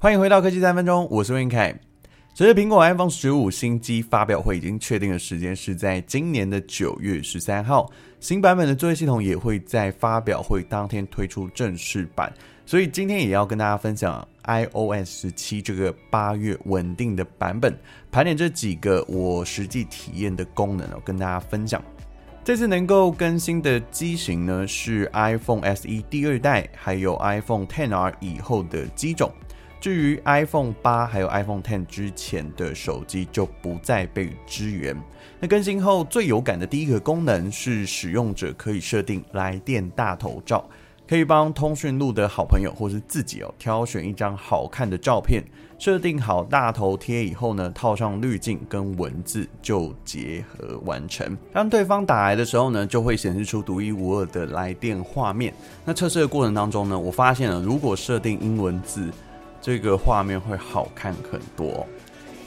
歡迎回到科技三分鐘，我是晏愷。隨著蘋果 iPhone 十五新機發表會已經確定的時間是在今年的九月十三號，新版本的作業系統也會在發表會當天推出正式版。所以今天也要跟大家分享、啊、iOS 十七這個八月穩定的版本，盤點這幾個我實際體驗的功能、哦，我跟大家分享。這次能夠更新的機型呢是 iPhone SE 第二代，還有 iPhone XR 以後的機種。至於 iPhone 8還有 iPhone X 之前的手機，就不再被支援。那更新後最有感的第一個功能是使用者可以設定來電大頭照，可以幫通訊錄的好朋友或是自己哦挑選一張好看的照片。設定好大頭貼以後呢，套上濾鏡跟文字就結合完成。當對方打來的時候呢，就會顯示出獨一無二的來電畫面。那測試的過程當中呢，我發現了如果設定英文字。這個畫面會好看很多哦。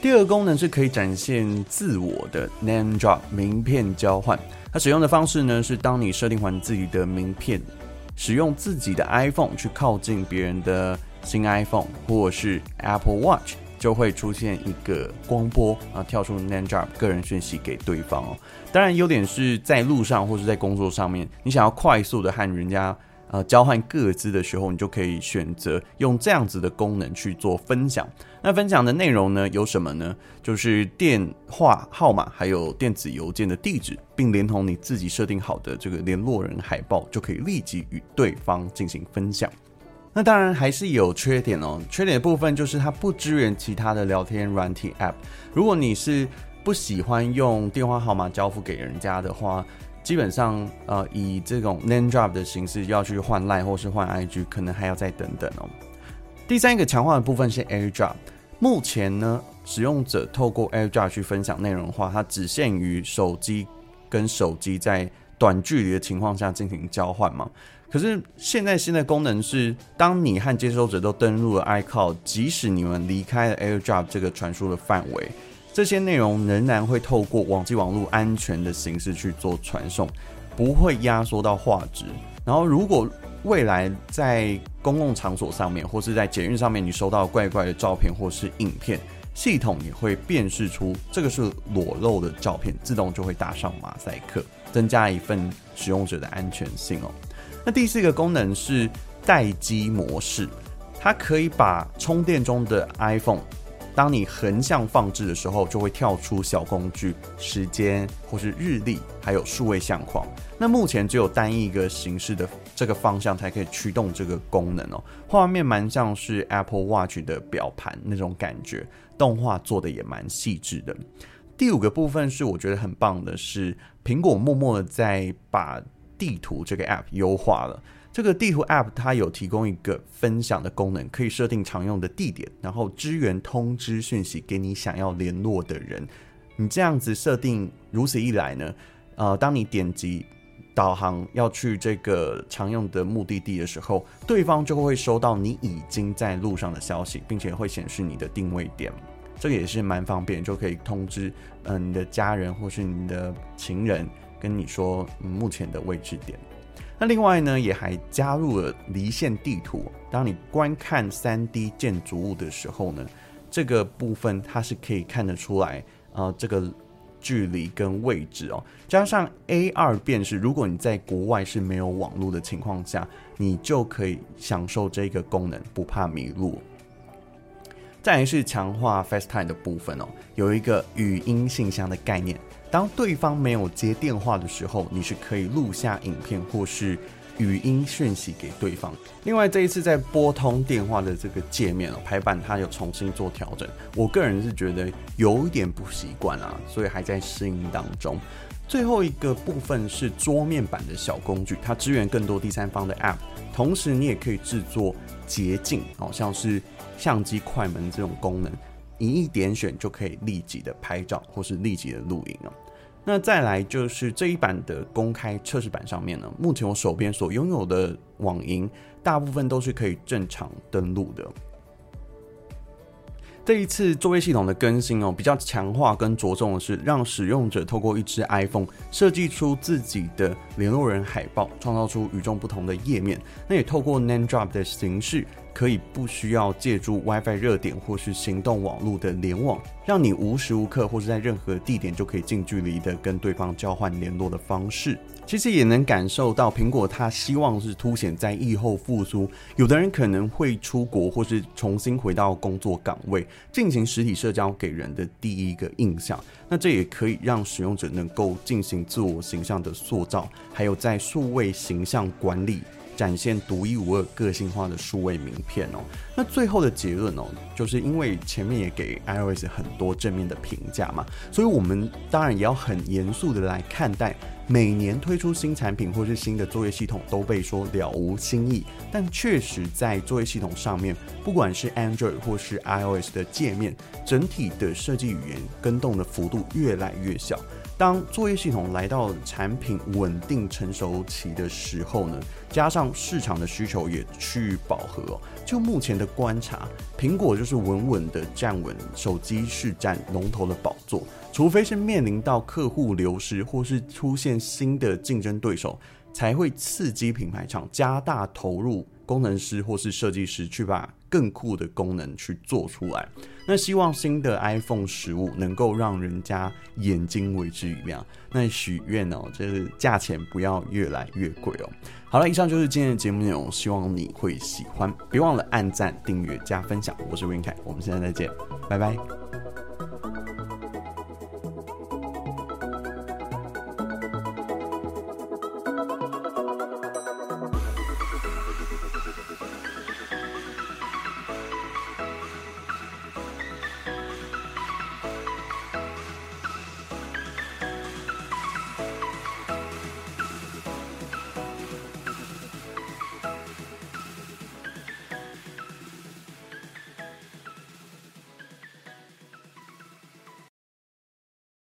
第二個功能是可以展現自我的 NameDrop 名片交換。它使用的方式呢是，當你設定完自己的名片，使用自己的 iPhone 去靠近別人的新 iPhone 或是 Apple Watch，就會出現一個光波啊，然後跳出 NameDrop 個人訊息給對方哦。當然，優點是在路上或是在工作上面，你想要快速的和人家。呃，交換個資的時候，你就可以選擇用這樣子的功能去做分享。那分享的內容呢，有什麼呢？就是電話號碼，還有電子郵件的地址，並連同你自己設定好的這個聯絡人海報，就可以立即與對方進行分享。那當然還是有缺點喔，缺點的部分就是它不支援其他的聊天軟體 App。如果你是不喜歡用電話號碼交付給人家的話。基本上，呃，以這種 NameDrop 的形式要去換 Line 或是換 IG，可能還要再等等哦，喔。第三個強化的部分是 AirDrop。目前呢，使用者透過 AirDrop 去分享內容的話，它只限於手機跟手機在短距離的情況下進行交換嘛。可是現在新的功能是，當你和接收者都登錄了 iCloud，即使你們離開了 AirDrop 這個傳輸的範圍。這些內容仍然會透過網際網路安全的形式去做傳送，不會壓縮到畫質。然後，如果未來在公共場所上面，或是在捷運上面，你收到的怪怪的照片或是影片，系統也會辨識出這個是裸露的照片，自動就會打上馬賽克，增加一份使用者的安全性哦、喔。那第四個功能是待機模式，它可以把充電中的 iPhone，當你橫向放置的時候，就會跳出小工具、時間或是日曆，還有數位相框。那目前只有單一一個形式的這個方向才可以驅動這個功能哦。畫面蠻像是 Apple Watch 的錶盤那種感覺，動畫做的也蠻細緻的。第五個部分是我覺得很棒的是，是蘋果默默的在把地圖這個 App 優化了。這個地圖 App 它有提供一個分享的功能，可以設定常用的地點，然後支援通知訊息給你想要聯絡的人。你這樣子設定，如此一來呢，呃，當你點擊導航要去這個常用的目的地的時候，對方就會收到你已經在路上的消息，並且會顯示你的定位點。這個也是蠻方便，就可以通知嗯、呃、你的家人或是你的情人跟你說你目前的位置點。那另外呢，也還加入了離線地圖。當你觀看 3D 建築物的時候呢，這個部分它是可以看得出來，啊、呃，這個距離跟位置哦，加上 AR 辨識，如果你在國外是沒有網絡的情況下，你就可以享受這個功能，不怕迷路。再來是強化 FaceTime 的部分哦，有一個語音信箱的概念。當對方沒有接電話的時候，你是可以錄下影片或是語音訊息給對方。另外，這一次在撥通電話的這個界面哦，排版它有重新做調整。我個人是覺得有一點不習慣啊，所以還在適應當中。最後一個部分是桌面版的小工具，它支援更多第三方的 App，同時你也可以制作捷徑，好像是。相機快門這種功能，你一,一點選就可以立即的拍照或是立即的錄影、喔、那再來就是這一版的公開測試版上面呢，目前我手邊所擁有的網銀，大部分都是可以正常登錄的。這一次作業系統的更新哦、喔，比較強化跟着重的是，讓使用者透過一支 iPhone 設計出自己的聯絡人海報，創造出與眾不同的頁面。那也透過 NameDrop 的形式。可以不需要借助 WiFi 熱點或是行動網絡的聯網，讓你無時無刻或是在任何地點就可以近距離的跟對方交換聯絡的方式。其實也能感受到蘋果它希望是凸顯在疫後復甦，有的人可能會出國或是重新回到工作崗位，進行實體社交，給人的第一個印象。那這也可以讓使用者能夠進行自我形象的塑造，還有在數位形象管理。展現獨一無二個性化的數位名片哦。那最後的結論哦，就是因為前面也給 iOS 很多正面的評價嘛，所以我們當然也要很嚴肅的來看待。每年推出新產品或是新的作業系統都被說了無新意，但確實在作業系統上面，不管是 Android 或是 iOS 的界面，整體的設計語言跟動的幅度越來越小。當作業系統來到產品穩定成熟期的時候呢，加上市場的需求也趨於飽和、哦，就目前的觀察，蘋果就是穩穩的站穩手機是占龍頭的寶座，除非是面臨到客戶流失或是出現新的競爭對手，才會刺激品牌廠加大投入。工程師或是設計師去把更酷的功能去做出來，那希望新的 iPhone 十五能夠讓人家眼睛為之一亮。那許願哦，就是價錢不要越來越貴哦、喔。好了，以上就是今天的節目內容，希望你會喜歡。別忘了按贊、訂閱加分享。我是吳晏愷，我們下次再見，拜拜。